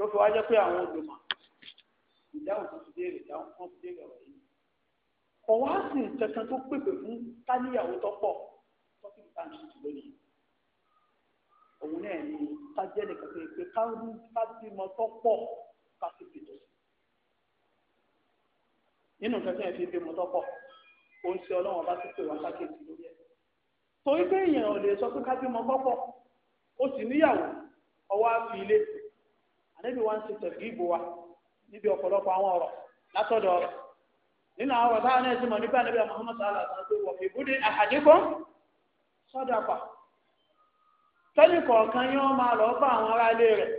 ló fi wá jẹ́ pé àwọn olùmọ̀ ìdáhùn tó ti déèrè ìdáhùn tó ti déèrè ọ̀rọ̀ yìí kò wá sí nǹkan tó pèpè fún táníyàwó tó pọ̀ tọ́kì báńkì tó lónìí òun náà ni ká jẹ́ nìkan tó yẹ pé ká rú ká bímọ tó pọ̀ ká sì fìtò sí nínú nǹkan tó yẹ fi bímọ tó pọ̀ ó ń ṣe ọlọ́wọ́n bá ti pè wá sákèjì lórí ẹ̀ torí pé èèyàn ò lè sọ pé ká bímọ pọ̀ ó sì níyàwó ọwọ́ á fi ilé ànábì wa ń ṣe wa níbi ọ̀pọ̀lọpọ̀ àwọn ọrọ látọ̀dọ̀ rẹ̀ nínú àwọn ọ̀tá náà ti mọ̀ nípa ànábì Muhammad sallallahu alaihi wa sallam wọ̀ ìbúdé ahadikum sadaqa tẹ́lẹ̀ kọ̀ọ̀kan yóò máa lọ bá àwọn ará ilé rẹ̀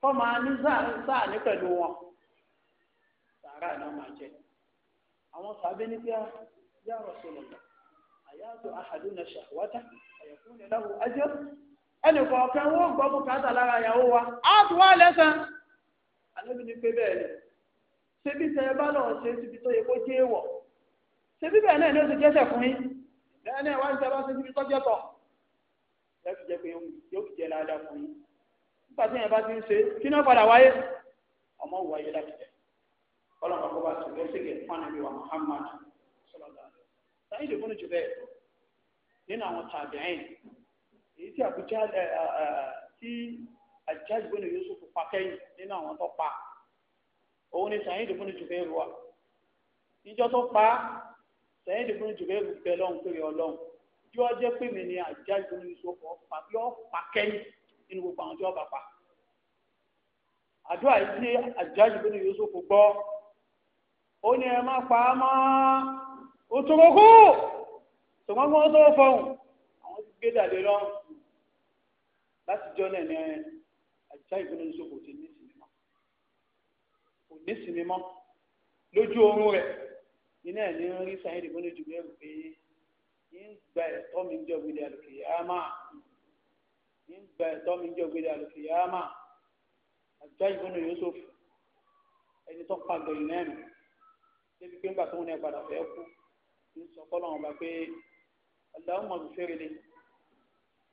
kọ́ máa ní wọn ni ẹnì kọ̀ọ̀kan wọ́n gbọ́ bùkátà lára ìyàwó wa á tún wá lẹ́sàn. àlejò ní pé bẹ́ẹ̀ ni ṣebí tẹ bá lọ ṣe síbi tó yẹ kó jẹ́ èèwọ̀ ṣebí bẹ́ẹ̀ náà ni ó ti jẹ́sẹ̀ fún yín bẹ́ẹ̀ náà wáyé tẹ bá ṣe síbi tó jẹ́ tọ̀ ẹ fi jẹ́ pé yóò fi jẹ́ ládàá fún yín nígbà tí yẹn bá ti ń ṣe kí náà padà wáyé ọmọ wáyé láti jẹ ọlọ́mọ èyí tí àbújá eh, eh, eh, tí àjá ìgbóni Yusuf pa kẹ́yìn nínú àwọn tó pa òun ni sàyìn ìdìbò ní jùbẹ́rù wa níjọ́ tó pa sàyìn ìdìbò ní jùbẹ́rù bẹ lọ́hùn péré ọlọ́hùn yọ jẹ́ pé mi ni àjá ìgbóni Yusuf pa yọ pa kẹ́yìn nínú gbogbo àwọn tí wọ́n bá pa àdúrà yìí tí àjá ìgbóni Yusuf gbọ́ ó ní ẹ má pa á mọ́ òtòkókó tòmọ́mọ́ tó fọ̀hún àwọn ti gbé dàdé lọ́hùn láti jọ náà ní àjíṣà ìbínú Yusuf ti ní ìsinmi mọ́ kò ní ìsinmi mọ́ lójú oorun rẹ̀ iná ẹ̀ ní rí sáyẹn ìbínú jù bẹ́ẹ̀ pé ní ń gba ẹ̀tọ́ mi jọ gbélé àlùkìyámà ní ń gba ẹ̀tọ́ mi jọ gbélé àlùkìyámà àjíṣà ìbínú Yusuf ẹni tó ń pa gbẹ̀yìn náà nù débi pé ńgbà tó ń náà padà fẹ́ kú ń sọ fọlọ́run bá pé Allahumma ghfirli.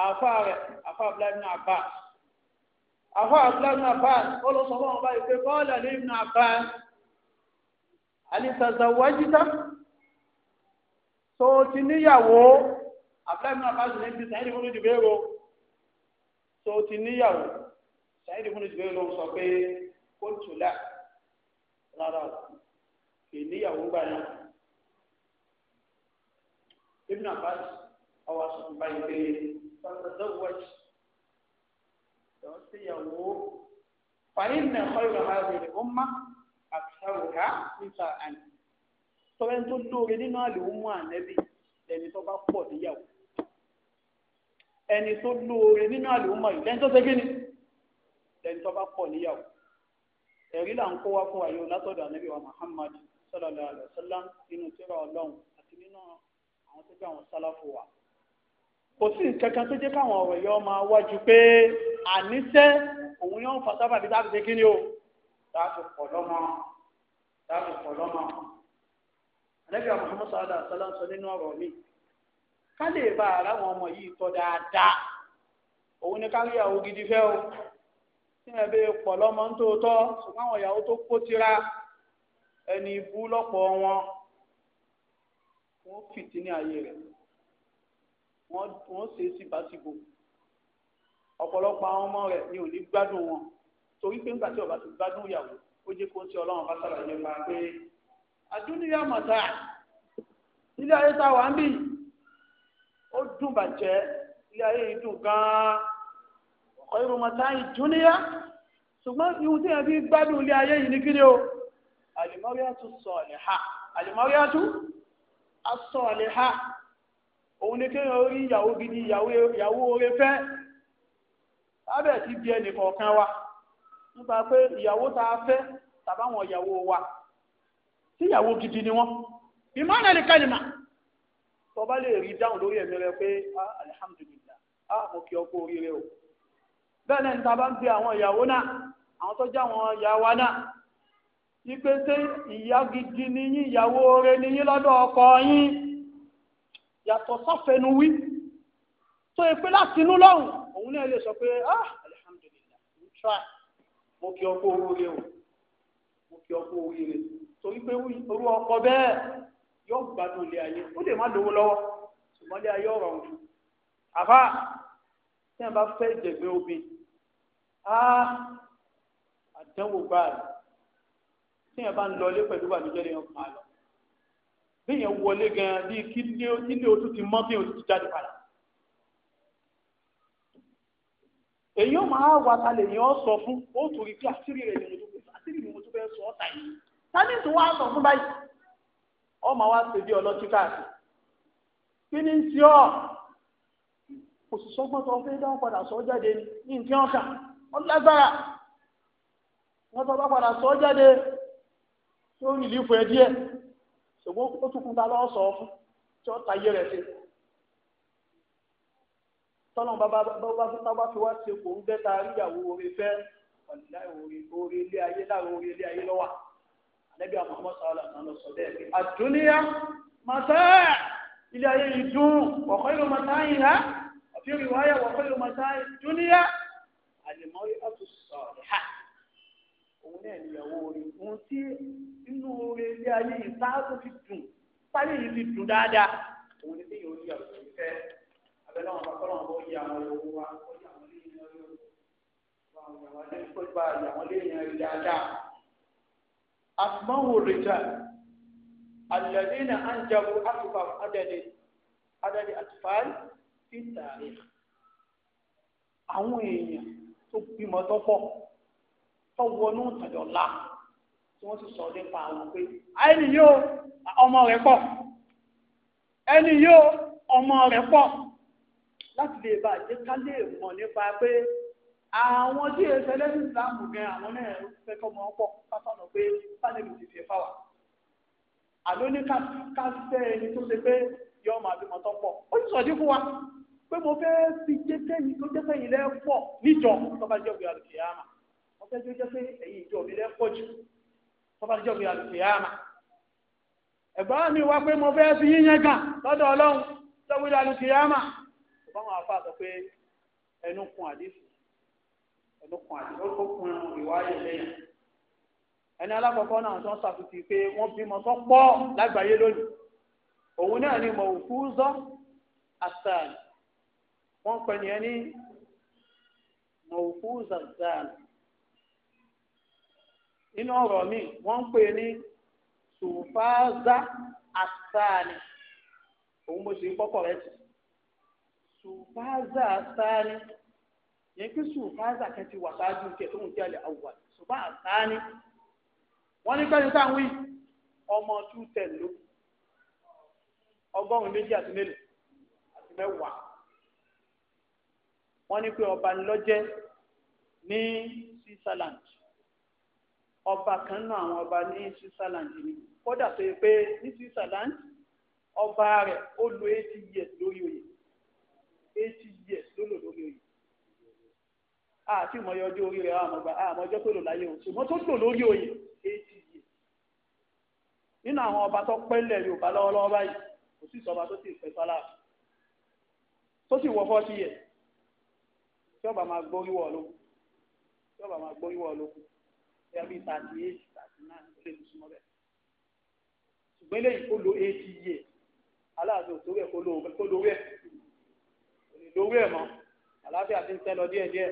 àfa rẹ̀ àfa abdullahi ibn abbas àfa abdullahi ibn abbas ó lọ sọ fún ọba yìí pé kọ́ọ̀lá ibn abbas alisasa wájúta tó ti níyàwó abdullahi ibn abbas ní ibi sáyẹ́dì fún ìdìbò tó ti níyàwó sáyẹ́dì fún ìdìbò ló sọ pé kóòtù là rárá kì í níyàwó gbà náà ibn abbas ọwọ́ sọ fún báyìí pé. فتزوج توسيه فإن خير هذه الأمة أكثرها نساء tọ́wẹ́ tó lóore nínú àlùmọ́ ànẹ́bí ẹni tó bá pọ̀ níyàwó ẹni tó lóore nínú àlùmọ́ yìí lẹ́ni tó ṣe kí ni lẹ́ni tó bá pọ̀ níyàwó ẹ̀rí là ń kó wá fún wa yóò látọ̀dọ̀ ànẹ́bí wa Muhammad sallallahu alaihi wasallam nínú tírà Ọlọ́run àti nínú àwọn tó jẹ́ àwọn sálàfù wa kò sí nǹkan kan tó jẹ́ káwọn ọ̀rọ̀ yọ máa wájú pé àníṣe òun yóò fà sábà bí táàbì ṣe kí ni o táàbì pọ̀ lọ́mọ táàbì pọ̀ lọ́mọ. àlẹ́bí àwọn ọmọ sọ́dà sọ́lá ń sọ nínú ọ̀rọ̀ mi ká lè bá aráwọn ọmọ yìí tọ́ dáadáa òun ni kárí ìyàwó gidi fẹ́ o tí ẹ bẹ́ẹ̀ pọ̀ lọ́mọ ń tóótọ́ ṣùgbọ́n àwọn ìyàwó tó kó tira ẹni ibú lọ́pọ̀ wọn wọ́n fìtí ní ayé rẹ̀ wọ́n ṣe síbáṣibò ọ̀pọ̀lọpọ̀ àwọn ọmọ rẹ̀ ni ò ní gbádùn wọn torí pé nígbà tí ọba ti gbádùn ìyàwó ó jẹ́ kó ń ṣe ọlọ́run bá ṣàlàyé máa pé àdúnyà mọ̀tà ilé ayé tá a wà ń bì ó dùn bàjẹ́ ilé ayé yìí dùn gan-an ọ̀kọ́ irun mọ̀tà ìdúnyà ṣùgbọ́n ihun tí yẹn fi gbádùn ilé ayé yìí ní kí ni o àlùmọ́ríà tún sọ̀ọ̀lẹ̀ ha àlùmọ́ríà tún asọ̀ọ̀lẹ̀ ha. òun ni kéèyàn orí ìyàwó gidi ìyàwó oore fẹ́ lábẹ́ ti bí ẹnì kọ̀ọ̀kan wa nípa pé ìyàwó a fẹ́ tàbáwọn ìyàwó wa si gidi ni wọ́n ìmọ̀nà ma kálímà tó bá lè rí dáhùn lórí ẹ̀mí rẹ pé ah, alihamudulila a ah, mo kí ọ o bẹ́ẹ̀ náà níta bá ń gbé àwọn ìyàwó náà àwọn tó ìyá wa náà ní gidi ni yín ìyàwó oore ni yín lọ́dọ̀ ọkọ yín. yàtọ̀ sáfẹnuwí tó yẹ pé láti inú lọ́hùn òun náà lè sọ pé ah alihamudulila n try mo kí ọkọ oríire o mo kí ọkọ oríire torí pé orú ọkọ bẹ́ẹ̀ yóò gbádùn ilé ayé ó lè má lówó lọ́wọ́ ṣùgbọ́n ilé ayé ọ̀rọ̀ ọ̀hún àbá tí wọn bá fẹ́ ìjẹ̀gbẹ́ obìn ah àdánwò gbáà tí wọn bá ń lọ ilé pẹ̀lú wà níjẹ́ lè yàn kàn án lọ. bíyẹn wọlé gan bí kílé otú ti mọ́ bíyẹn ti jáde padà. èyí ó máa wà kalẹ̀ yẹn ọ sọ fún ó torí pé àṣírí rẹ̀ ni mo tó àṣírí mi mo sọ ọ́ta yìí tani tó wá sọ fún báyìí ọmọ wa ṣe bí ọlọ́tí káàkiri kí ni ń ṣe ọ́ kò sì sọ jáde ní nǹkan sọ jáde tó ń ṣùgbọ́n ó tún fún ta lọ́ sọ fún tí ó ta yé rẹ̀ sí tọ́lọ́n bá bá fi wá ṣe kò ń bẹ́ta ríyàwó orí fẹ́ orí ilé ayé láàrú orí ilé ayé lọ́wà ànábì Muhammad sàlá náà lọ sọ bẹ́ẹ̀ pé àdúnyá màtá ilé ayé yìí dùn wọ̀kọ́ ìlú màtá yìí há àfi rí wáyà wọ̀kọ́ ìlú màtá yìí dúnyá àlèmọ́ yìí á tún sọ̀rọ̀ ha òun náà níyàwó rẹ̀ òun tí inú oore ilé ayé yìí sáájú fi dùn sáyé yìí fi dùn dáadáa òun ní sèyí orí àwọn òun fẹ́ abẹ́lẹ́ wọn bá kọ́lọ́ wọn bó yí àwọn ìyàwó wa ó yí àwọn ilé yẹn lórí àwọn ìyàwó alẹ́ kó gba àwọn ilé yẹn rí dáadáa. àtúmọ̀wò rìjà àlẹ́dínà àǹjẹ̀wò àtúfà adẹ́dẹ́ adẹ́dẹ́ àtúfà fi tààrí àwọn èèyàn tó bímọ tó pọ̀ tọwọnú tọjọlá tí wọn ti sọ nípa àwọn pé ẹni yóò ọmọ rẹ̀ pọ̀ ẹni yóò ọmọ rẹ̀ pọ̀ láti lè bá jẹ ká lè mọ̀ nípa pé àwọn tí èsè lẹ́sìn ìsìlámù gan àwọn náà fẹ́ kọ́ ọmọ pọ̀ pátánù pé pálẹ̀mù ti fi fáwà àló ní ká fẹ́ ẹni tó ṣe pé yọ ọmọ àbímọ tó pọ̀ ó ti sọ̀dí fún wa pé mo fẹ́ fi jẹ́kẹ́yìn tó jẹ́kẹ́yìn lẹ́ pọ̀ níjọ tó bá jẹ́ òbí àlùkìyàmà jẹ́jọ́ jẹ́ pé ẹ̀yin ìjọ mi lẹ́ pọ̀ jù tọ́ba jọ mi àlùkè yá ma ẹ̀gbọ́n mi wá pé mo fẹ́ fi yíyan gà lọ́dọ̀ ọlọ́run tọ́wé àlùkè yá ma ọba wọn àfa sọ pé ẹnu kun àdìsí ẹnu kun àdìsí ó kun ìwáyé lẹ́yìn ẹni alákọ̀ọ́kọ́ náà tó ń ṣàkùtì pé wọ́n bímọ tó pọ̀ lágbàáyé lónìí òun náà ni mọ̀ òkú zọ́ àtàlì wọ́n pẹ̀lú ẹni mọ̀ òkú zàzàlì nínú ọ̀rọ̀ mi wọ́n ń pè ní sùfáàzà àsáàni òun mo sì ń kọ́kọ́ rẹ tì sùfáàzà àsáàni yẹn kí sùfáàzà kan ti wà sáájú tiẹ̀ tó jẹ́ àlẹ́ àwùwà sùfá àsáàni wọ́n ní pẹ́ẹ́ni táwọn yìí ọmọ two ten ló ọgọ́rùn-ún méjì àti mélòó àti mẹ́wàá wọ́n ní pé ọba ńlọ́jẹ́ ní switzerland ọba kan náà àwọn ọba ní Switzerland ni kódà tó yẹ pé ní Switzerland ọba rẹ̀ ó lo eighty years lórí oyè eighty years ló lò lórí oyè àti ìmọ̀yọ ọjọ́ orí rẹ̀ àwọn ọgbà àmọ́ ọjọ́ tó lò láyé o ṣùgbọ́n tó lò lórí oyè eighty years nínú àwọn ọba tó pẹ́lẹ̀ Yorùbá lọ́wọ́lọ́wọ́ báyìí kò sí ìsọba tó ti pẹ́ sálà tó sì wọ forty years tí ọba máa gbóríwọ̀ lókun tí ọba máa gbóríwọ̀ lókun ẹbí thirty eight thirty nine ó lè lù súnmọ́ bẹ́ẹ̀. ṣùgbọ́n eléyìí kó lo eighty years aláàbò tó wẹ̀ kó lo kó lo wẹ̀ kò lè lo wẹ̀ mọ́ àlàáfíà ti ń tẹ́ lọ díẹ̀díẹ̀.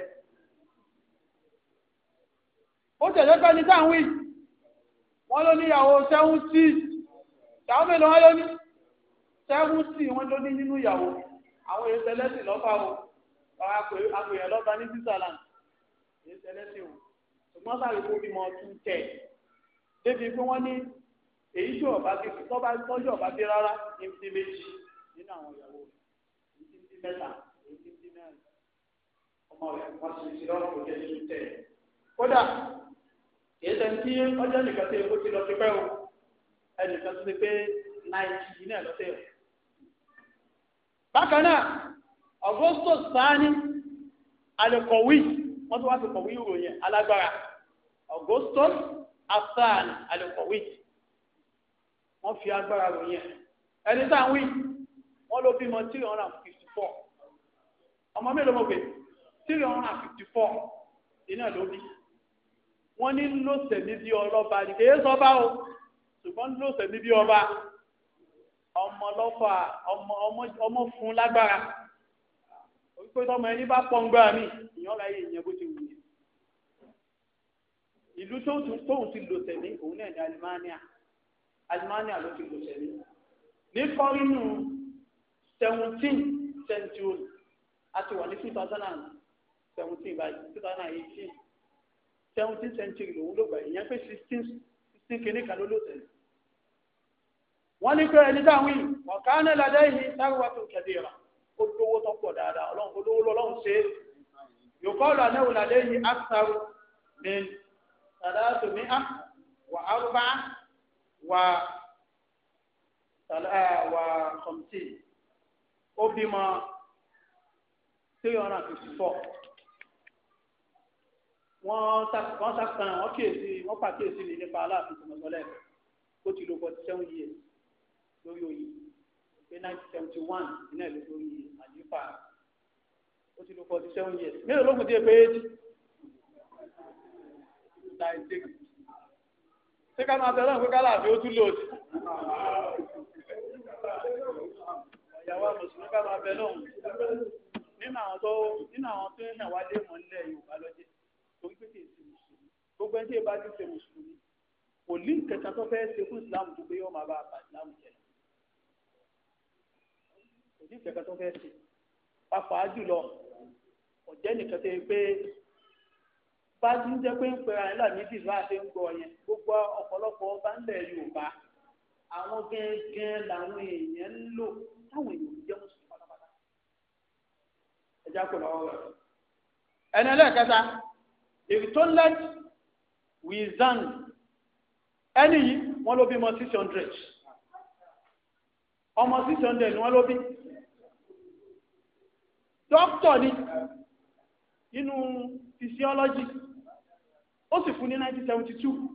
ó tẹ̀lé pé ní táwọn wíì wọ́n ló níyàwó seventy ìyàwó mélòó wọ́n ló ní seventy wọ́n ló ní nínú ìyàwó àwọn èyí tẹ́lẹ̀ lọ́fà o àwọn àpèyàn lọ́ba ní switzerland èyí tẹ́lẹ̀ sí ṣùgbọ́n sáré kó bímọ tún tẹ̀ débi pé wọ́n ní èyí tí ọba ti tó bá tọ́jú ọba dé rárá ní ti méjì nínú àwọn ìyàwó rẹ̀ ní ti mẹ́ta èyí ti ti mẹ́rin ọmọ rẹ̀ wọ́n ti ti lọ́rùn kò jẹ́ tún tẹ̀. kódà èyí tẹ̀ ń tí ọjọ́ nìkan tẹ̀ ó ti lọ sí pẹ́ o ẹnìkan ti pé náìjì náà lọ́tẹ̀ o. bákan náà Augustus sáà ní alẹ́kọ̀wé wọ́n tún wá sí kọ̀wé ìròyìn alágbára augustus afan alukowi wọ́n fi agbára rò yẹn ẹni tá à ń wí wọ́n ló bímọ three hundred and fifty four ọmọ mélòó mo pè three hundred and fifty four iná ló bí wọ́n ní lọ́sẹ̀ níbi ọlọ́ba ni kì í sọ́ba o ṣùgbọ́n lọ́sẹ̀ níbi ọba ọmọ lọ́fà ọmọ ọmọ ọmọ fún lágbára wípé tọmọ ẹni bá pọ̀ ń gbára mi ìyọ́n yìí ìyẹn bó ti wù ìlú tóun ti lò tẹ̀lé òun náà ní alimania alimania ló ti lò tẹ̀lé ní kọ́rínù seventeen century a ti wà ní two thousand and seventeen báyìí two thousand and eighteen seventeen century lòun ló gbà ìyẹn pé sixteen sixteen kìíní kan ló lò tẹ̀lé wọ́n ní pé ẹni dáhùn yìí ọ̀ká náà ládé yìí táwọn tó kẹ̀dé rà ó lówó tó pọ̀ dáadáa ọlọ́run olówó lọ́lọ́run ṣe é yòókọ́ ọ̀là náà ثلاث مئة وأربعة و وخمسين ó bímọ three hundred and fifty four wọ́n wọ́n sàkàn wọ́n kíyèsí wọ́n pàkíyèsí ní nípa aláàfin tòmọ̀tọ́lẹ̀ ó ti lò forty seven years lórí oyè pé nineteen seventy one ìnáyẹ̀ lórí àlífà ó ti lò forty seven years mélòó ló kù dé pé eighty ninety six ṣé ká máa tẹ̀lé nǹkan kálá àbí ó tún lò sí. ìyàwó àmọ̀sùn ká máa bẹ lọ́hùn nínú àwọn tó nínú àwọn tó ń hàn dé mọ́ nílẹ̀ Yorùbá lọ́jẹ́ torí pé kì í mùsùlùmí gbogbo ẹni tí ì bá ti ṣe mùsùlùmí kò ní ìkẹta tó fẹ́ ṣe fún ìsìláàmù tó pé yóò máa bá a bá jẹ kò ní ìkẹta tó fẹ́ ṣe pàápàá jùlọ ọ̀jẹ́ nìkan tẹ́ pé bá ti ń jẹ́ pé ń pera ẹ̀ làmì dì bá a ṣe ń gbọ́ yẹn gbogbo ọ̀pọ̀lọpọ̀ ọba ńlẹ̀ Yorùbá àwọn gẹ́gẹ́ làwọn èèyàn ń lò táwọn èèyàn ń jẹ́ mùsùlùmí pátápátá ẹja kò lọ́wọ́ rẹ̀. ẹni ẹlẹ́ẹ̀kẹta ìtọ́lẹ́t wizan ẹni yìí wọ́n ló bí mọ́ six hundred ọmọ six hundred ni wọ́n ló bí dókítọ̀ ni nínú fisiọ́lọ́jì ó sì kú ní 1972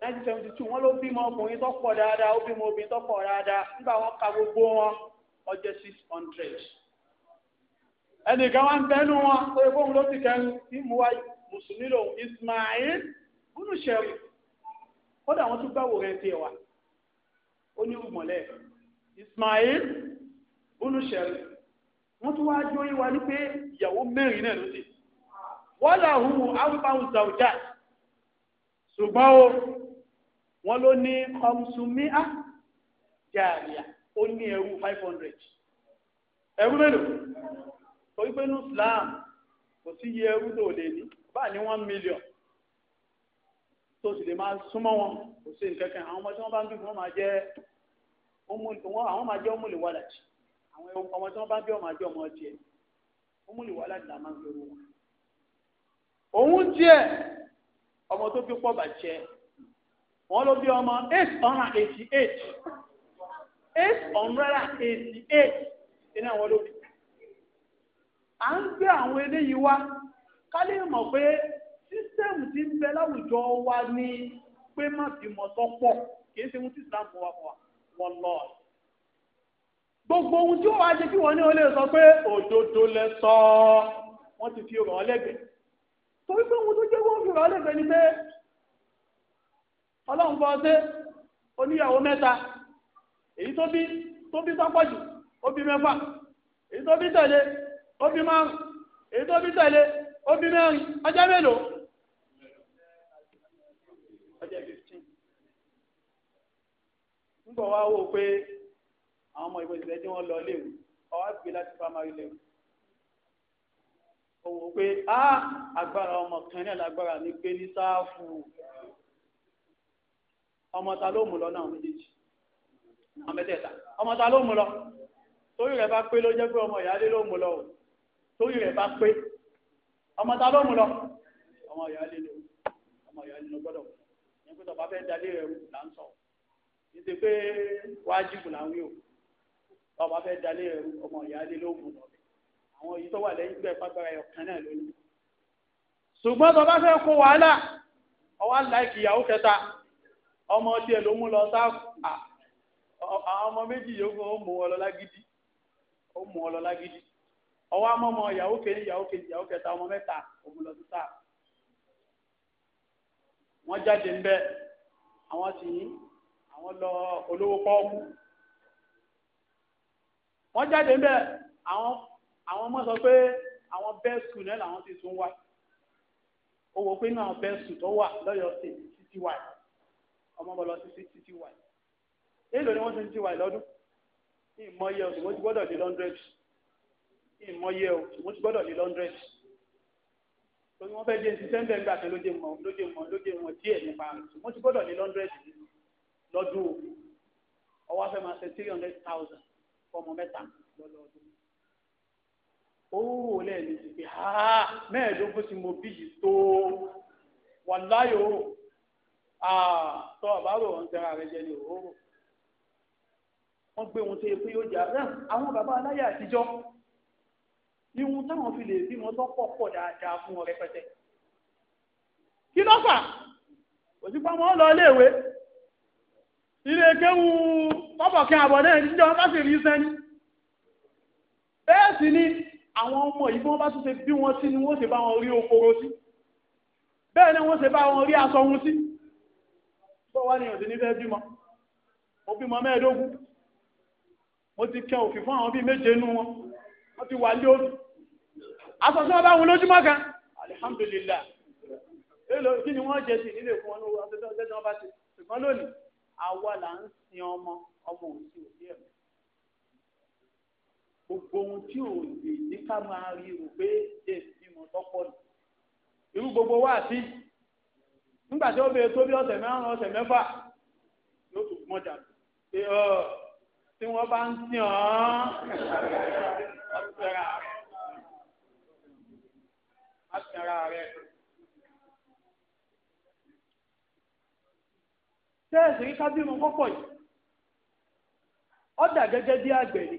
1972 wọ́n ló bímọ ọkùnrin tó pọ̀ dáadáa ó bímọ obìnrin tó pọ̀ dáadáa nígbà wọ́n ka gbogbo wọn ọjọ́ 600 ẹnìkan wá ń bẹnu wọn tó yẹ fóun ló ti kẹrin tí mo wá mùsùlùmí lòun Ismail gúnú ṣẹ̀rì kódà wọ́n tún gbàwò rẹ̀ tiẹ̀ wá ó ní ìmọ̀lẹ́ Ismail gúnú ṣẹ̀rì wọ́n tún wá jó yín wá ní pé ìyàwó mẹ́rin náà ló dé wọ́n là hù áwùbáwù zàwùjà ṣùgbọ́n o wọ́n ló ní kọ́mùsùmíà jàríà ó ní ẹrú five hundred ẹrú mélòó torí pé ní Islam kò sí iye ẹrú tó lè ní báà ní one million tó sì lè máa súnmọ́ wọn kò sí nǹkan kan àwọn ọmọ tí wọ́n bá ń bí wọ́n máa jẹ́ àwọn máa jẹ́ ọmọlè wàlàjì àwọn ọmọ tí wọ́n bá ń bí wọ́n máa jẹ́ ọmọ tiẹ̀ ọmọlè wàlàjì là máa ń fi wọn òun jẹ́ ọmọ tó fi pọ̀ bàjẹ́ wọ́n ló bí ọmọ eight hundred eighty eight eight hundred eighty eight iná wọn ló bí. à ń gbé àwọn eléyìí wá ká lè mọ̀ pé sísẹ́mù ti ń bẹ láwùjọ wa ní pé má bímọ tó pọ̀ kì í ṣe ohun tí Islam wà fún wa lọ. gbogbo ohun tí wọ́n wá ṣe kí wọ́n ní olè sọ pé òdodo lẹ sọ wọ́n ti fi ràn án lẹ́gbẹ̀ẹ́. torí pé òun tó jẹ́ wọ́n fi rọ̀ lẹ́gbẹ̀ẹ́ ni pé ọlọ́run bọ́ ṣe oníyàwó mẹ́ta èyí tó bí tó bí sọ́pọ̀ jù ó bí mẹ́fà èyí tó bí tẹ̀lé ó bí márùn èyí tó bí tẹ̀lé ó bí mẹ́rin ọjọ́ mélòó ọjọ́ fifteen ń bọ̀ wá wò òwò pé á agbára ọmọ kan náà lágbára ní pé ní sáàfù ọmọ ta ló mú lọ náà méjèèjì náà mẹ́tẹ̀ẹ̀ta ọmọ ta ló mú lọ torí rẹ̀ bá pé ló jẹ́ pé ọmọ ìyáálé ló mú lọ o torí rẹ̀ bá pé ọmọ ta ló mú lọ ọmọ ìyáálé ló ọmọ ìyáálé ló gbọ́dọ̀ ní pé tọba fẹ́ dalé rẹ̀ wù là ń sọ ní ti pé wájú là ń wí o tọba fẹ́ dalé rẹ̀ wù ọmọ ìyáálé ló mú lọ àwọn èyí tó wà lẹ́yìn gbẹ fagbára ẹ̀ ọ̀kan náà lónìí. ṣùgbọ́n tó bá fẹ́ kó wàhálà ọwọ́ láìkì ìyàwó kẹta ọmọ ọtí ẹ̀ ló mú lọ sá àwọn ọmọ méjì yòókù ó mú ọ lọ lágídí ó mú ọ lọ lágídí ọwọ́ amọ́mọ ìyàwó kejì ìyàwó kejì ìyàwó kẹta ọmọ mẹ́ta òun lọ sí sáà wọ́n jáde ń bẹ́ àwọn sì yín àwọn lọ olówó pọ́ọ́mù wọ́n jáde ń bẹ́ àwọn àwọn ọmọ sọ pé àwọn best school náà làwọn ti tún wá ó wò pé inú àwọn best school tó wà lọ́yọ̀ọ́ state títí wáyé ọmọ bọ̀ lọ sí títí wáyé èlò ni wọ́n ti ń ti wà lọ́dún ní ìmọ̀ye o ṣùgbọ́n ti gbọ́dọ̀ lé lọ́ndrẹ́dì ní ìmọ̀ye o ṣùgbọ́n ti gbọ́dọ̀ lé lọ́ndrẹ́dì torí wọ́n fẹ́ jẹ́ ti sẹ́ńdẹ̀ ńgbà kan lóde mọ̀ lóde mọ̀ lóde mọ̀ díẹ̀ nípa rẹ̀ ṣùgbọ́n ti gbọ́dọ̀ lé lọ́ndrẹ́dì lọ́dún o ọwọ́ fẹ́ máa ṣe three hundred thousand fọmọ mẹ́ta lọ́dọọdún òun wò lẹ́ẹ̀mejì pé mẹ́ẹ̀ẹ́dógún tí mo bí yìí tó wà láyò tọ́ àbárò ọ̀hún tẹ́ra rẹ jẹ́ ní òróró wọ́n gbé ohun tó yẹ pé yóò jà náà àwọn bàbá aláyé àtijọ́ ihun táwọn fi lè bímọ tó pọ̀ pọ̀ dáadáa fún wọn rẹpẹtẹ kí ló fà òsínpá wọn lọ iléèwé ilé kéwu tọ́pọ̀ kí àbọ̀ náà ìdíjọ́ lásìrí sẹ́ni bẹ́ẹ̀ sì ni àwọn ọmọ yìí bí wọ́n bá tún ṣe bí wọ́n sí ni wọ́n ṣe bá wọn rí okoro sí bẹ́ẹ̀ ni wọ́n ṣe bá wọn rí aṣọ wọn sí bọ́ wá ní ọ̀sẹ̀ nífẹ̀ẹ́ bímọ mo bímọ mẹ́ẹ̀ẹ́dógún mo ti kẹ òfin fún àwọn bíi méje nú wọn wọ́n ti wà lé òbí aṣọ tí wọ́n bá wọn lójúmọ́ kan alihamdulilá èlò kí ni wọ́n jẹ sí nílé fún wọn lówó aṣọ tí wọ́n bá ti ṣùgbọ́n lónìí àwa là ń sin ọmọ ọmọ òsì òbí ẹ̀mí gbogbo ohun tí ò lè ní ká máa rí rò pé jẹ́ ìbímọ tọ́pọ̀ nù irú gbogbo wá sí nígbà tí ó bèèrè tó bí ọ̀sẹ̀ mẹ́rin ọ̀sẹ̀ mẹ́fà yóò tún mọ́jà pé ọ́ tí wọ́n bá ń sìn ọ́n àtẹ̀ra rẹ̀. sẹ́ẹ̀sì rí kábíyèmọ́ pọ́pọ̀ yìí ọ̀dà gẹ́gẹ́ bí àgbẹ̀ ni.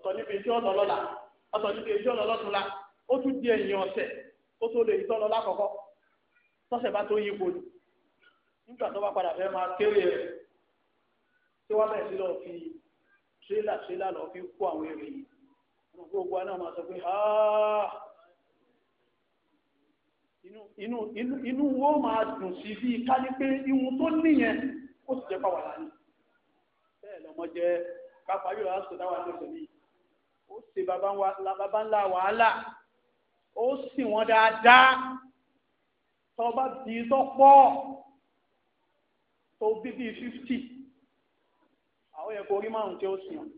ọ̀tọ̀ níbi tí ọ̀tọ̀ lọ́la ọ̀tọ̀ níbi tí ọ̀tọ̀ lọ́túnla ó tún di ẹ̀yìn ọ̀sẹ̀ ó tó lè tọ́ lọ lákọ̀ọ́kọ́ tọ́sẹ̀ bá tó yípo ni nígbà tó bá padà fẹ́ máa kéré rẹ̀ tí wọ́n bẹ̀rẹ̀ sí lọ fi tírélà tírélà lọ fi kó àwọn èrè yìí wọn kó gbogbo aná máa sọ pé inú inú wo máa dùn sí pé tó sì bẹ́ẹ̀ lọ́mọ ó se baba ńlá wàhálà ó sì wọ́n dáadáa tọba bí tó pọ̀ tó bí bíi fifty àwọn yẹ kó rí márùn tí ó sì hàn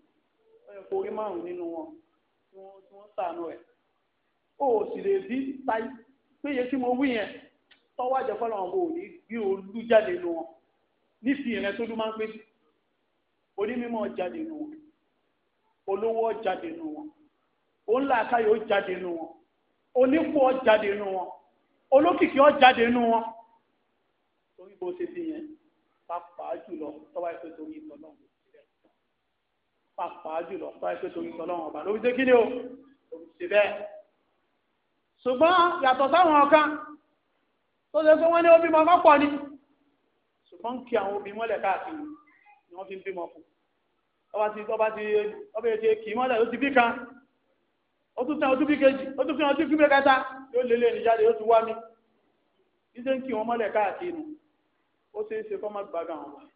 ó yẹ kó rí márùn nínú wọn tí wọ́n tí wọ́n sànù rẹ̀ ó sì lè bí táyì péye tí mo wí yẹn tọ́wọ́ àjẹfọ́lọ́ wọn kò ní gbé olú jáde nù wọn nífi ìrẹsọ́dún máa ń pè onímọ̀ jáde nù wọn olówó jáde nù wọn onílàákàyè ó jáde nù wọn onípò ó jáde nù wọn olókìkí ó jáde nù wọn torí bó ṣe ti yẹn pàápàá jùlọ tọ́wá ẹ̀fẹ́ torí ìtọ́lọ́run pàápàá jùlọ tọ́wá ẹ̀fẹ́ torí ìtọ́lọ́run ọba lórí ṣe kí ni o lórí ṣe bẹ́ẹ̀ ṣùgbọ́n yàtọ̀ sáwọn ọ̀kan tó ṣe pé wọ́n ní ó bímọ kọ́pọ̀ ni ṣùgbọ́n kí àwọn obì mọ́lẹ̀ káàkiri ni wọ́n fi ń bímọ fún ọba ti ọba ti ọba ti kì í mọ́lẹ̀ ó ti bí kan ó tún tán ó tún bí kejì ó tún fi hàn ó tún fi mẹ́kẹta yóò lé lẹ́nu jáde ó tún wá mi ṣíṣe ń kì wọ́n mọ́lẹ̀ káàkiri nu ó ṣe é ṣe kọ́ má gbádùn àwọn ọmọ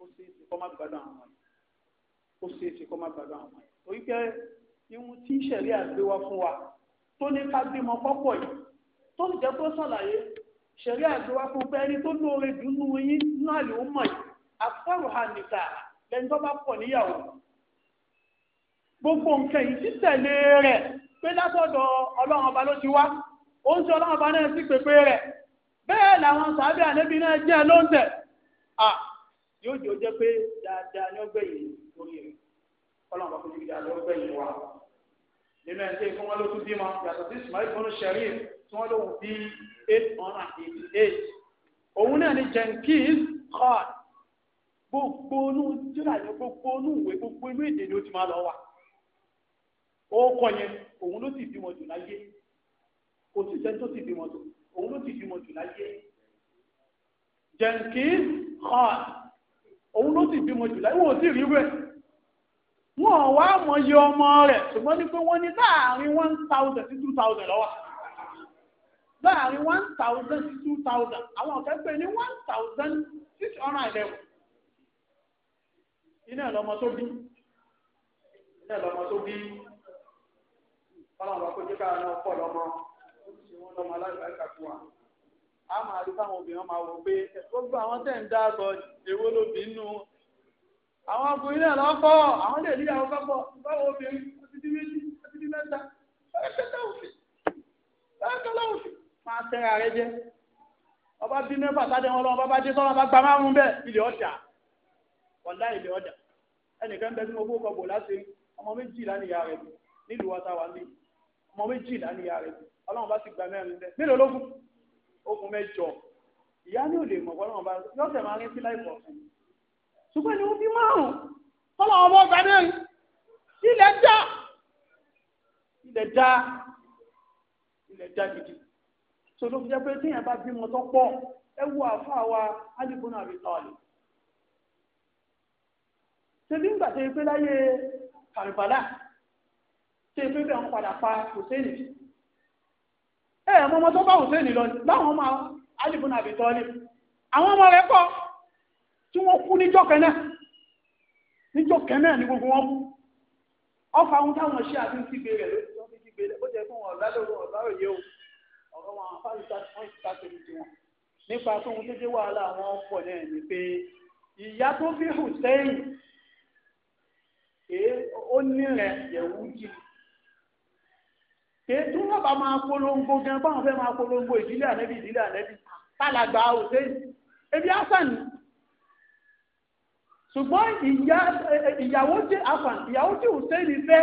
ó ṣe é ṣe kọ́ má gbádùn àwọn ọmọ ó ṣe é ṣe kọ́ má gbádùn àwọn ọmọ torí pé ihun tí ìṣẹ̀lẹ̀ àgbéwá fún wa tó ní ká bímọ pọ́pọ̀ yìí tó ń jẹ́ tó ṣàlàyé ìṣẹ̀lẹ̀ àgbéwá fún pẹ́ẹ́rí tó lóore dùnú yín náà lè mọ̀ yìí àfẹ́rù hàn lẹ́yìn tó bá pọ̀ níyàwó gbogbo nǹkan yìí títẹ̀lé rẹ̀ pé látọ̀dọ̀ ọlọ́run ọba ló ti wá ó ń ṣe ọlọ́run ọba náà sí pépé rẹ̀ bẹ́ẹ̀ làwọn sàábẹ́ ànẹ́bí náà jẹ́ ló ń tẹ̀ à yóò jẹ́ jẹ́ pé dáadáa ní ọgbẹ́ yìí lórí rẹ̀ ọlọ́run ọba kò ní dáadáa ọgbẹ́ yìí wà nínú ẹ̀ ń tẹ́ fún wọn ló tún bímọ yàtọ̀ sí Ismail fún Sharif tí wọ́n lòun bí eight hundred and eighty eight òun náà ni Jenkins Khan gbogbo inú tíra yẹn gbogbo inú ìwé gbogbo inú èdè ni ó ti máa lọ wà ó kọ yẹn òun ló sì bímọ jù láyé kò sì jẹ́ tó sì bímọ jù òun ló sì bímọ jù láyé Jenkins Khan òun ló sì bímọ jù láyé wọn ò sì rí rẹ̀ wọn ò wá mọyì ọmọ rẹ̀ ṣùgbọ́n ní pé wọ́n ní láàrin one thousand sí two thousand lọ́wọ́ láàrin one thousand sí two thousand àwọn ọ̀kẹ́ pé ní one thousand six hundred and eleven iná lọmọ tó bí iná lọmọ tó bí fọlọ́n wa kójú káà náà pọ̀ lọ́mọ ó sì wọ́n lọ́mọ aláìbáríkà fún wa a máa rí fáwọn obìnrin máa wò pé gbogbo àwọn tẹ̀ ń dá sọ èwo lóbi nù àwọn ọkùnrin náà lọ́ fọ́ àwọn lè rí àwọn kọ́kọ́ báwo obìnrin àti bí méjì àti bí mẹ́ta ẹ̀ẹ́dẹ́gbẹ̀ta òfin ẹ̀ẹ́dẹ́gbẹ̀ta òfin máa tẹ́ra rẹ jẹ́ ọba bí mẹ́fà sáde wọn lọ́wọ́ bá bá dé sọ́wọ́n bá gba bẹ́ẹ̀ ilé ọjà ọ̀la ìlẹ̀ ọ̀dà ẹnìkan bẹ tí mo gbókọ̀ bò láti ọmọ méjìlá níyà rẹ̀ bí nílùú ọ̀tá wà níbi ọmọ méjìlá níyà rẹ̀ bí ọlọ́run bá sì gba mẹ́rin bẹ́ẹ̀ mélòó lógún ogun mẹ́jọ ìyá ni ò lè mọ̀ ọlọ́run bá yọ̀ọ̀sẹ̀ máa rìn sí láìpọ̀ ṣùgbọ́n ni ó bí márùn-ún tọ́lọ̀ ọmọ ọgbà mẹ́rin ilẹ̀ já. ilẹ̀ já. ilẹ̀ já. gidi sọlọ́ fi jẹ́ pé téèyàn bá bímọ tó pọ̀ ẹ wo àfáà wa alìbùnà àbí tọ́ọ̀lì ṣebí ńgbà tó yẹ pé láyé kàrìbàlà tó yẹ pé bẹ́ẹ̀ ń padà pa hùsẹ́nì ẹ ẹ mọ́mọ́ tó bá hùsẹ́nì lọ báwọn ọmọ alìbùn àbí tọ́lẹ̀ àwọn ọmọ rẹ̀ kọ́ tí wọ́n kú níjọ́ kẹ́nẹ́ níjọ́ kẹ́nẹ́ ni gbogbo wọn kú ọfà ohun táwọn ṣe àti ti gbé rẹ̀ ló ti ti ó jẹ́ fún wọn ọ̀dádọ́rọ̀ ọ̀dárò yẹ o ọ̀rọ̀ wọn àfáàlù tàbí tiwọn nípa pé ohun tó dé wàhálà àwọn ọkọ̀ náà ni pé ìyá tó fi hùsẹ́yìn èé ó nílẹ̀ yẹ̀wù jì èé tún náà bá máa polongo gan báwọn fẹ́ máa polongo ìdílé ànẹ́bí ìdílé ànẹ́bí tálàgbà òde ebi asan ṣùgbọ́n ìyàwó tí afan ìyàwó tí hùsẹ́ẹ̀lì fẹ́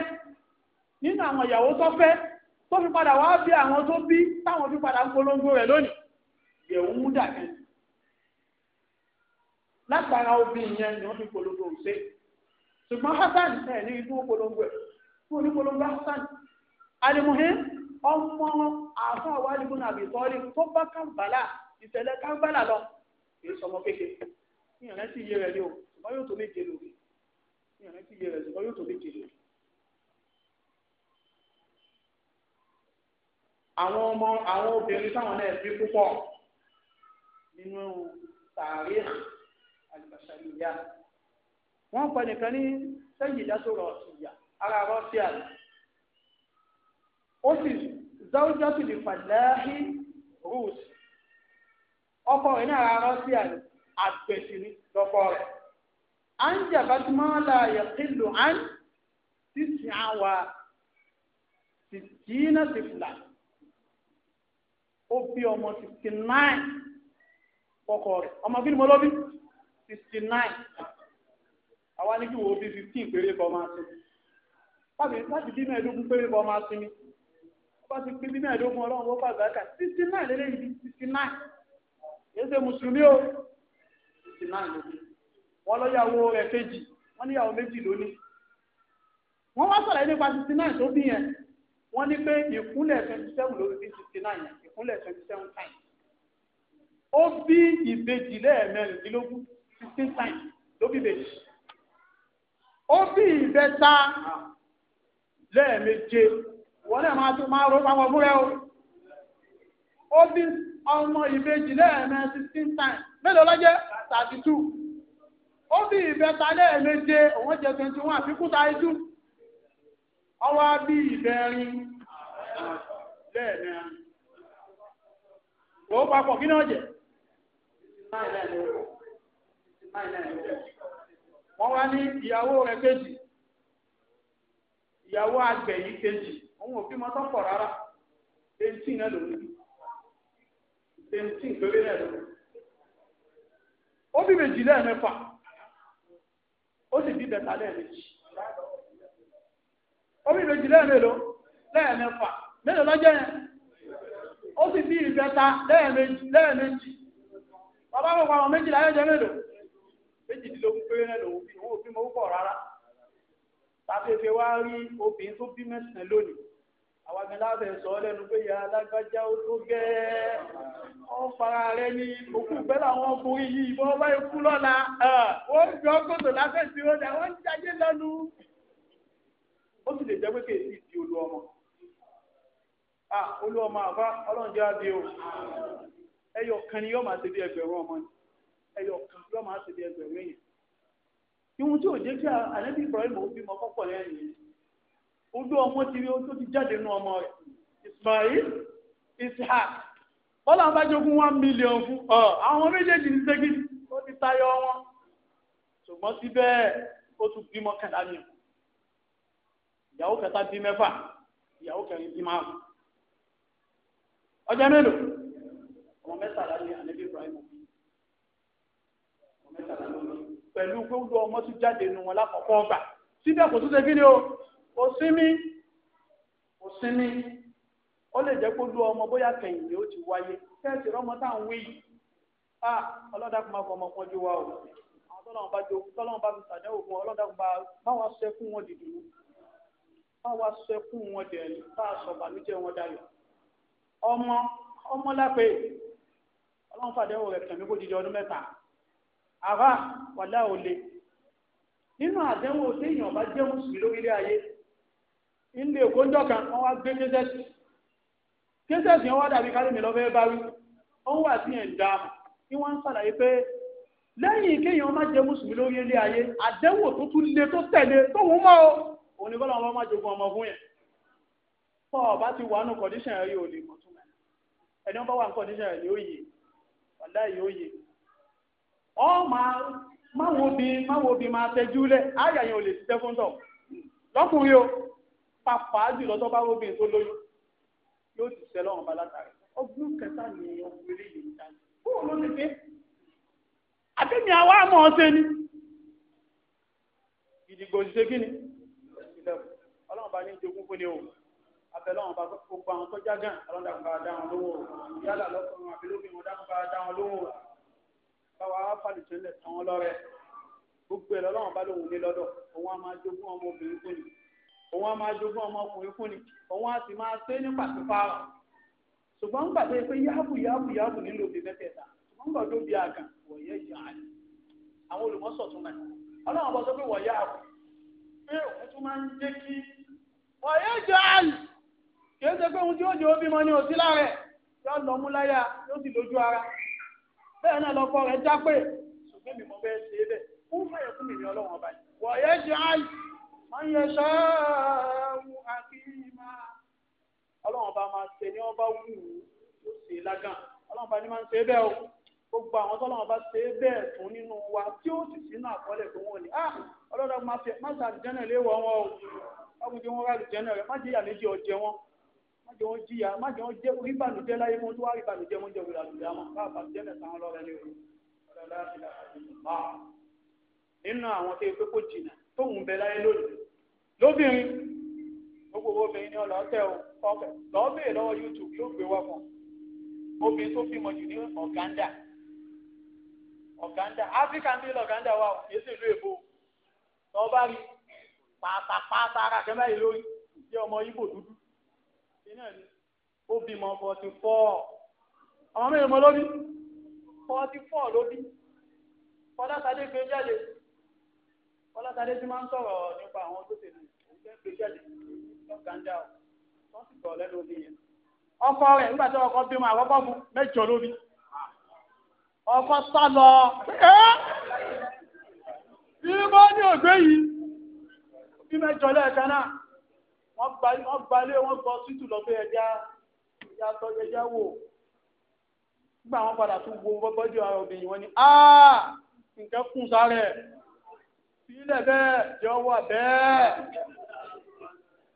nínú àwọn ìyàwó tó fẹ́ tó fi padà wá bí àwọn tó bí táwọn fi padà ń polongo rẹ̀ lónìí yẹ̀wù mú dàbí látara obìnrin yẹn ni wọ́n fi polongo hùsẹ́ẹ̀lì ṣùgbọ́n hasan ẹ̀ ní ikú polongo ẹ̀ fún onípolongo hasan alimuhin ọmọ àfọ àwọn alimu nàbì tọ́lé tó bá kábàlà ìṣẹ̀lẹ̀ kábàlà lọ kì í sọmọ kékeré ní ìrántí iye rẹ̀ ni o ṣùgbọ́n yóò tó méje lórí ní ìrántí iye rẹ̀ ṣùgbọ́n yóò tó méje lórí. àwọn ọmọ àwọn obìnrin táwọn náà bí púpọ̀ nínú tààrí àlùbáṣà ìyá. wọ́n pẹ̀ nìkan ní sẹ́yìn ìdásó ara Rọ́ṣíà rẹ̀ ó sì zawjatu ọkọ rẹ̀ ara Rọ́ṣíà rẹ̀ àgbẹ̀sìrì lọ́kọ rẹ̀ à ń jàbá a máa la yaqillu an sísìn àwà sìtìínà sìfìlà ó bí ọmọ sixty nine ọkọ rẹ̀ ọmọ àwa ní kí wo bí fifteen péré kọ́ máa sinmi láti láti bí mẹ́ẹ̀ẹ́dógún péré kọ́ máa sinmi wọ́n bá ti pín bí mẹ́ẹ̀ẹ́dógún ọlọ́run wọ́n bàgbà kà sixty nine lélẹ́yìn sixty nine èyí ṣe mùsùlùmí o sixty nine ló bí wọ́n lọ́yàwó rẹ̀ kejì wọ́n níyàwó méjì lónìí wọ́n wá sọ̀rọ̀ nípa sixty nine tó bí yẹn wọ́n ní pé ìkúnlẹ̀ twenty seven ló bí sixty nine ìkúnlẹ̀ twenty seven times ó bí ìbejì lẹ́ẹ̀mẹrìndínlógún sixteen times ló bí ìbejì. ó fi ìbẹta lẹ́ẹ̀meje wọ́n náà máa tún máa ro pamọ́ o ó fi ọmọ ìbejì lẹ́ẹ̀mẹ sixteen times mélòó lọ́jẹ́ thirty two ó fi ìbẹta lẹ́ẹ̀meje òun jẹ twenty one àfikún ta ijú ọwọ́ bí ìbẹ̀rin lẹ́ẹ̀mẹ ó papọ̀ kí náà wọ́n wá ní ìyàwó rẹ̀ kejì ìyàwó àgbẹ̀ yìí kejì òun ò fi mọ́tò pọ̀ rárá tẹ́ǹtì náà ló tẹ́ǹtì péré náà ló ó bí méjì lẹ́ẹ̀mẹ́fà ó sì bí bẹ̀tà lẹ́ẹ̀mejì ó bí méjì lẹ́ẹ̀mẹ́lò lẹ́ẹ̀mẹ́fà mélòó lọ́jọ́ yẹn ó sì bí lẹ́ẹ̀mejì méjìdínlógún péré náà lòun bí òun ò bímọ púpọ̀ rárá tàbí efe rí obìnrin tó bí mẹ́sàn-án lónìí àwọn sọ ya alágbájá ó tó gẹ́ ọ́ fara rẹ ni òkú pẹ́ làwọn ọkùnrin yìí bọ́ bá ikú lọ́la ó ń jọ ń jáde ó sì lè pé ọmọ olú ọmọ o kan ni yóò máa ọmọ ni. ẹyọ kan yóò máa ṣe bí ẹgbẹ̀rún èèyàn ìwọ̀n tí ò jẹ́ kí ànábì Ibrahim ò bímọ kọ́kọ́ lẹ́yìn yìí ojú ọmọ ti rí tó ti jáde nú ọmọ rẹ̀ Ismail Ishaq bọ́lá abájogún one million fún ọ àwọn méjèèjì ní sẹ́gi ó ti tayọ wọn ṣùgbọ́n síbẹ̀ ó tún bímọ kẹta mi ìyàwó kẹta bí mẹ́fà ìyàwó kẹrin bí márùn ọjọ́ mélòó ọmọ mẹ́tàlá ní ànábì Ibrahim pẹ̀lú gbogbo ọmọ tó jáde nu wọn lákọ̀ọ́kọ́ ọgbà síbẹ̀ kò tún ṣe kíni o kò sinmi kò sinmi ó lè jẹ́ kó lu ọmọ bóyá kẹ̀yìn ni ó ti wáyé kẹ́ẹ̀sì rọ́mọ tá à ń wí yìí a ọlọ́dàkùn máa fọ ọmọ kan jó wa o àwọn tọ́lọ́wọ́n bá jó tọ́lọ́wọ́n bá fi sàdéhùn fún ọlọ́dàkùn bá bá wa sẹ́kún wọn dìdì mú bá wa sẹ́kún wọn dẹ̀rẹ̀ bá a sọ bàlújẹ́ wọn dayọ̀ ọmọ ọmọ lápẹ́ ọlọ́run fàdéhùn rẹ̀ kẹ̀mí kó dìde ọdún mẹ́ta àbá wàlá òle nínú àdánwò téèyàn bá jẹ́ mùsùlùmí lórílẹ̀ ayé ilé èkó ń dọ̀kan wọ́n wá gbé kéṣẹ́sì kéṣẹ́sì wọn wá dàbí kálímì lọ́fẹ́ bá wí wọ́n wà sí ẹ̀ ń dá kí wọ́n ń sàlàyé pé lẹ́yìn kéèyàn má jẹ́ mùsùlùmí lórí ilé ayé àdánwò tó tún le tó tẹ̀lé tóun mọ́ o òun ni bọ́lá wọn má jogun ọmọ fún yẹn fọ́ ọba ti wà nù kọ́ndíṣàn rẹ̀ yóò lè mọ̀ tún mẹ́rin ẹni wọn bá wà nù kọ́ndíṣàn rẹ̀ yóò yè wàláì yóò yè ọ máa máwo bí máwo bí máa tẹjú lẹ̀ ayà yẹn ò lè ṣiṣẹ́ fún tọ̀ lọ́kùnrin o pàpà jùlọ tó bá wóbi tó lóyún yóò ti ṣẹlẹ̀ ọ̀hún balátàrí ọdún kẹta ni ọkùnrin yìí ń dáná fóun ló ti dé àtẹ̀mí àwa àmọ́ ọ̀sẹ̀ ni ìdìgbò ṣiṣẹ́ kí ni ọlọ́run bá ní jogún fún ni o abẹ́lọ́wọ̀n bá gbogbo àwọn tó jágàn ọlọ́dà ń bá dáhùn lówó yálà lọ́kùnrin àbí lóbìnrin ọ̀dà ń bá dáhùn lówó. báwa fàlùjẹ́ lẹ̀ tán lọ́rẹ́ gbogbo ẹ̀ lọ́wọ́ bá lòun ní lọ́dọ̀ òun á máa jogún ọmọ fún ni òun á máa jogún ọmọ fún ni òun ṣùgbọ́n ń pé yáàbù yáàbù yáàbù nílò ṣùgbọ́n bí àgàn àwọn tún ọlọ́run bọ́ sọ pé pé òun tún máa bẹ́ẹ̀ náà lọ́kọ rẹ̀ jápé ṣùgbọ́n mi mọ bẹ́ẹ̀ ṣe é bẹ́ẹ̀ fún fàyẹ̀ fún mi ní ọlọ́run ọba yìí máa ń ṣe bẹ́ẹ̀ o gbogbo àwọn tọ́lọ́ wọn ṣe bẹ́ẹ̀ fún nínú wa tí ó sì sínú àkọọ́lẹ̀ tó wọ́n ní ah máa fi máa ṣàdìjẹ́nà ilé wọn o wọ́n kò jẹ́ rà lùjẹ́nà rẹ̀ má jẹ́ ìyà ọ̀jẹ̀ wọn májọ wọn jìyà májọ wọn jẹ orí ìbànújẹ́ láyé wọn tó wá ìbànújẹ́ wọn jẹ wíwá lùdá wọn bá àbànújẹ́ mẹ́ta wọn lọrẹ ní o ọlọlá ti là bá nínú àwọn tó yẹ pé kó jìnnà tóun bẹ láyé lónìí lóbìnrin gbogbo obìnrin ni ọlọtẹ o ọkẹ lọọ bèè lọ́wọ́ youtube yóò gbé wá fún obìnrin tó bímọ jù ní ọganda ọganda áfíríkà ń bí lọganda wa o èsì ìlú èbó lọọ bá rí pàápàá pàápàá ara kẹmẹ ìlú yẹ ọmọ ibo náà ni ó bímọ forty four àwọn mẹ́rin mọ́ lórí forty four ló bí fọlásàdé gbé jáde fọlásàdé tí máa ń sọ̀rọ̀ nípa àwọn olóṣèlú òun fẹ́ gbé jáde lọ́gàndà ọ̀ wọ́n sì gbọ́ lẹ́nu omi yẹn ọkọ rẹ̀ nígbà tí ọkọ bímọ àkọ́kọ́ fún mẹ́jọ ló ọkọ sá lọ ẹ́ bí ògbé yìí bí mẹ́jọ lẹ́ẹ̀kan náà wọ́n gbalé wọ́n gbọ́ títù lọ pé ẹja ẹja tọ́ ẹja wò nígbà wọn padà tún wo bọ́jú ara obìnrin wọn ni nǹkan kún sáré sílẹ̀ bẹ́ẹ̀ jẹ́ ọwọ́ bẹ́ẹ̀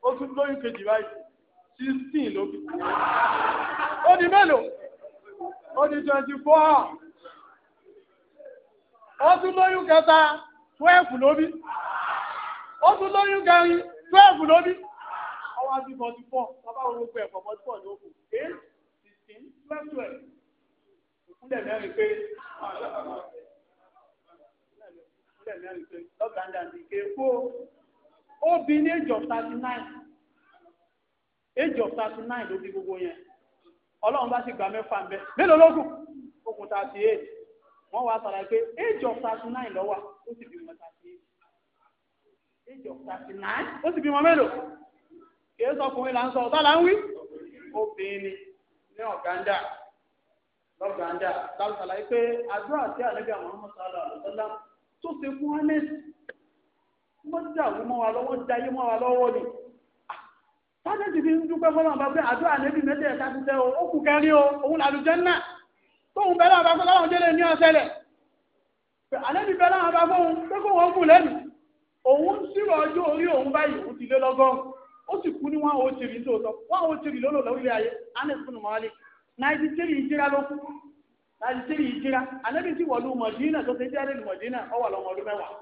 ó tún lóyún kejì báyìí sixteen ló fi kú ó di mélòó ó di twenty four ó tún lóyún kẹta twelve ló bí ó tún lóyún kẹrin twelve ló bí wá sí forty four bàbá wo gbogbo ẹ̀kọ́ forty four ní òkú eight sixteen twelve twelve ìkúnlẹ̀ mẹ́rin pé ìkúnlẹ̀ mẹ́rin pé lọ́gàdà ní kéèkó ó bí ní age of thirty nine age of thirty nine ló bí gbogbo yẹn ọlọ́run bá sì gbà mẹ́fà ń bẹ mélòó lókù okùn thirty eight wọ́n wá sọ̀rọ̀ pé age of thirty nine lọ́wọ́ ó sì bímọ thirty eight age of thirty nine ó sì bímọ mélòó kìí sọkùnrin là ń sọ ọ̀tá là ń wí obìnrin ní ọ̀gáńdà lọ́gáńdà láti ṣàlàyé pé àdúrà tí àlẹ́bí àwọn ọmọ sọ̀rọ̀ àlùsọ́lá tó ṣe fún ánẹ́sì wọ́n dà wọ́n mọ́ wa lọ́wọ́ jayé mọ́ wa lọ́wọ́ ni sáyẹ́ǹsì fi ń dúpẹ́ fọlọ́n bá pé àdúrà àlẹ́bí mẹ́tẹ̀ẹ̀ta ti tẹ ó kù kẹrin o òun làlùjànnà tóun bẹ́ẹ̀ láwọn bá fọ́ láwọn jẹ́lẹ̀ ní ọ̀sẹ̀lẹ̀ àlẹ́bí bẹ́ẹ̀ láwọn bá fọ́ òun pé kó wọ́n kù lẹ́nu òun sírò ọjọ́ orí òun báyìí ó sì kú ní wọn ò tìrì lóòótọ́ wọn ò oh tìrì lọ́lọ́ lórílẹ̀ ayé anes bin malik náìtì tìrì ìjìra ló kú náìtì tìrì ìjìra anabi ti wọ̀lú mọ̀dínà tó ti jẹ́ àdéhùn mọ̀dínà ó wà lọ́mọ ọdún mẹ́wàá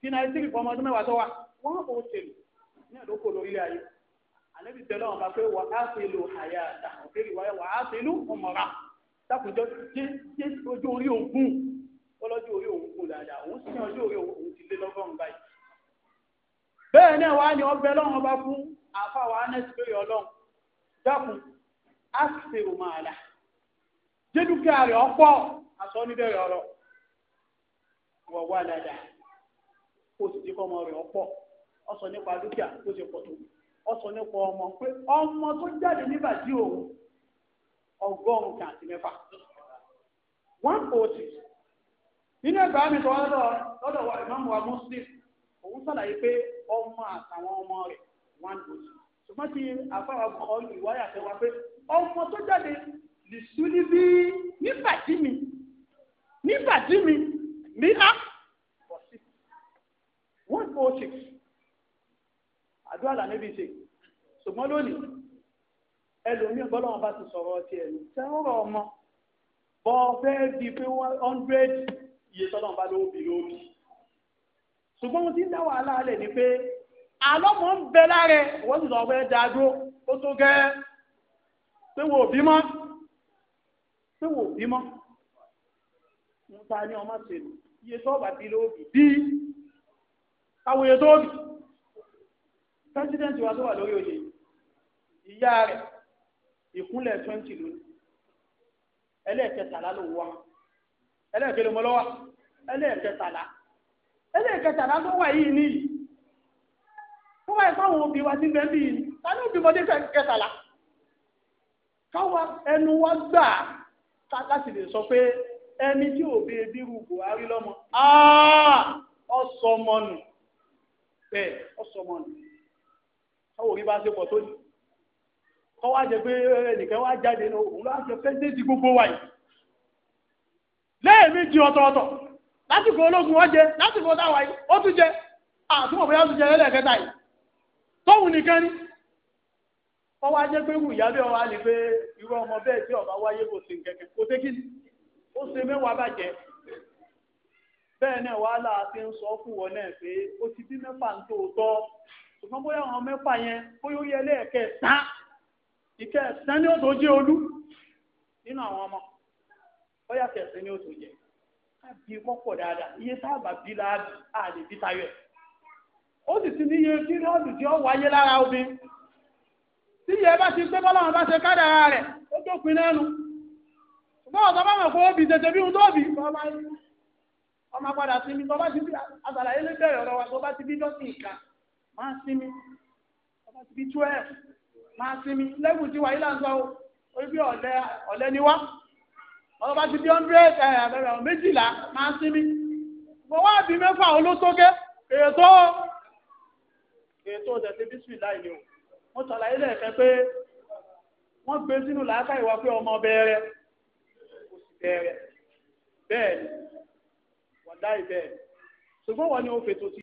tí náìtì tìrì fọmọ ọdún mẹ́wàá tó wà wọn ò tìrì ní àdókò lórílẹ̀ ayé anabi tẹ̀lé wọn pé wà á fi lu àyà àtàkùnkiri bẹ́ẹ̀ náà wàá ní ọgbẹ́ lọ́wọ́ bá fún àfàwọ̀ anẹ́sì lórí ọlọ́run dákun áṣìṣẹ́rò máa là jẹ́ dúkìá rẹ̀ ọ̀pọ̀ àṣọ níbẹ̀rẹ̀ ọ̀rọ̀ wọ̀ wá dáadáa kó o sì jí kọ́mọ rẹ̀ ọ̀pọ̀ ọ̀sọ̀ nípa dúkìá kó ọmọ pe ọmọ tó jáde nígbà tí òun wa wa Muslim òun pé ọmọ àtàwọn ọmọ rẹ̀ one o two ṣùgbọ́n tí àfáwà bọ̀ ìwáyà fẹ́ wá pé ọmọ tó jáde lè súlí bí nígbàdí mi nígbàdí mi ní á bọ̀ sí one o six àdúrà là níbi ṣe ṣùgbọ́n lónìí ẹlòmíì gbọ́dọ̀ wọn bá ti sọ̀rọ̀ ọtí ẹ̀ sẹ́wọ́rọ̀ ọmọ bọ́ fẹ́ẹ́ di pé one hundred iye tọ́lọ́mọba ló bì lóbi ṣùgbọ́n ohun tí ń dá wàhálà rẹ̀ ni pé àlọ́ mọ̀ ń bẹ lára wọ́n sì lọ́ọ́ fẹ́ dáa dúró ó tó gẹ́ pé wò bímọ pé wò bímọ wọn ta ni ọmọ ṣe iye tó bá bí lóòbí bí káwọn iye tó bì pẹ́sidẹ́ǹtì wa tó wà lórí oyè ìyá rẹ̀ ìkúnlẹ̀ twenty lónìí ẹlẹ́ẹ̀kẹtàlá ló wà ẹlẹ́ẹ̀kẹlẹ́mọlọ́wà ẹlẹ́ẹ̀kẹtàlá ẹlẹ́ẹ̀kẹtàlá tó wà yìí nìyí kó wáyé fáwọn òbí wa ti bẹ́ẹ̀ bíi tani òbí mọ́dé kẹtàlá káwa ẹnu wa gbà láti lè sọ pé ẹni tí òbí ebíru Buhari lọ́mọ ọ̀sọ̀mọ̀nù bẹ́ẹ̀ ọ̀sọ̀mọ̀nù káwọn òbí bá ṣe pọ̀ tó ní kọ́ wá pé ẹnìkan wá jáde ní òun lọ́wọ́ jẹ pẹ́ńtẹ́ẹ̀tì gbogbo wa yìí lẹ́ẹ̀mejì ọ̀tọ̀ọ̀tọ̀ lásìkò ológun wọ́n jẹ lásìkò táwa yìí ó tún jẹ àtúmọ̀ bóyá ó tún jẹ lẹ́lẹ́kẹta yìí tóun nìkan ni ọwọ́ ajẹ́ pé wù ìyábẹ́ ọwọ́ alẹ́ pé irú ọmọ bẹ́ẹ̀ tí ọba wáyé kò sí kẹ̀kẹ́ kò sí kíni ó ṣe mẹ́wàá bàjẹ́ bẹ́ẹ̀ náà wàhálà ti ń sọ fún wọn náà pé ó ti bí mẹ́fà ń tó tọ́ ṣùgbọ́n bóyá àwọn mẹ́fà yẹn bóyá ó yẹ lẹ́ẹ̀kẹsán ìkẹsán ni ó tó jẹ́ olú nínú àwọn ọmọ bóyá kẹsán ni ó tó jẹ́ ká bí wọ́pọ̀ dáadáa iye tá ó sì ti níye pírọ́ọ̀dù tí ó wáyé lára obìnrin tí ìyẹn bá ti pé bọ́lọ́run bá ṣe kádàrá rẹ̀ ó tó pin lẹ́nu ṣùgbọ́n ọ̀sán bá mọ̀ pé ó bì bí ohun tó bì ọmọ padà sinmi tó bá ti bí àṣàlàyé lẹ́bẹ̀rẹ̀ ọ̀rọ̀ wa tó bá ti bí dọ́sìn ìka máa tó bá ti bí twelve máa lẹ́gùn tí ètò ọ̀dẹ̀sẹ̀ bísí láì ni o wọ́n tọ́lá ilé ẹ̀fẹ́ pé wọ́n gbé sínú làákà ìwà pé ọmọ bẹ̀rẹ̀ kò sì bẹ̀rẹ̀ bẹ́ẹ̀ ni wọ́n dá ìbẹ̀rẹ̀ ṣùgbọ́n wọn ni ó fètò sí